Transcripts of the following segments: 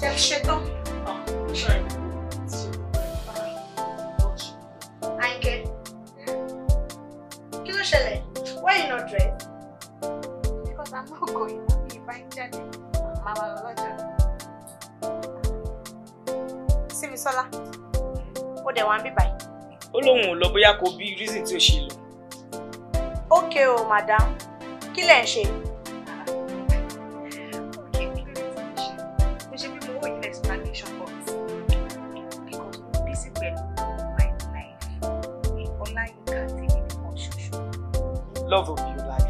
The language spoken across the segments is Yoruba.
ṣe fi ṣetán. Àyìnkẹ́, kí ló Why you not dressed? Because I'm not going to buying jáde. Màá wà lọ́jà. Símisọ́lá, ó dẹ̀ wá ń bí báyìí. Ó lóun ò lọ reason tí ó Okay oh madam, kí lẹ̀ ń love of your life.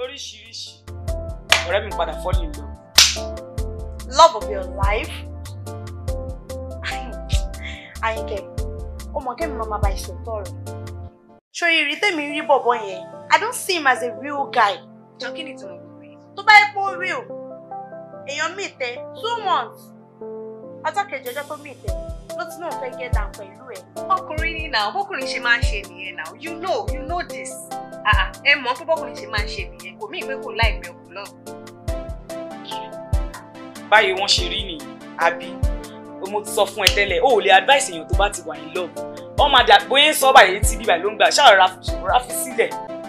oríṣiríṣi ọ̀rẹ́ mi padà fall in love. love of your life? àyìnkẹ́ ọmọ kẹ́mi máa bá ìṣòótọ́ rẹ̀. ṣòyí rí tèmi rí bọ̀bọ̀ yẹn I don't see him as a real guy. jọ kí ni tòun tó bá yẹ pé ó real èèyàn mí tẹ two months ọjọ́ kejì ọjọ́ tó mí tẹ ló tún náà fẹ́ gẹ́ dàn pẹ̀lú ẹ̀. ọkùnrin ni náà bọ́kùnrin ṣe máa ń ṣe nìyẹn náà you know you know this ah, ah, ẹ mọ̀ pé bọ́kùnrin ṣe máa ń ṣe nìyẹn kò mí ìpé kò láìpẹ́ òkú náà. báyìí wọ́n ṣe rí ni àbí mo ti sọ fún ẹ tẹ́lẹ̀ o ò lè advice èèyàn tó bá ti wà ní love wọ́n máa dà bóyá sọ́ọ́ báyìí tí bíbá ló ń gbà ṣáà rà fi sílẹ̀.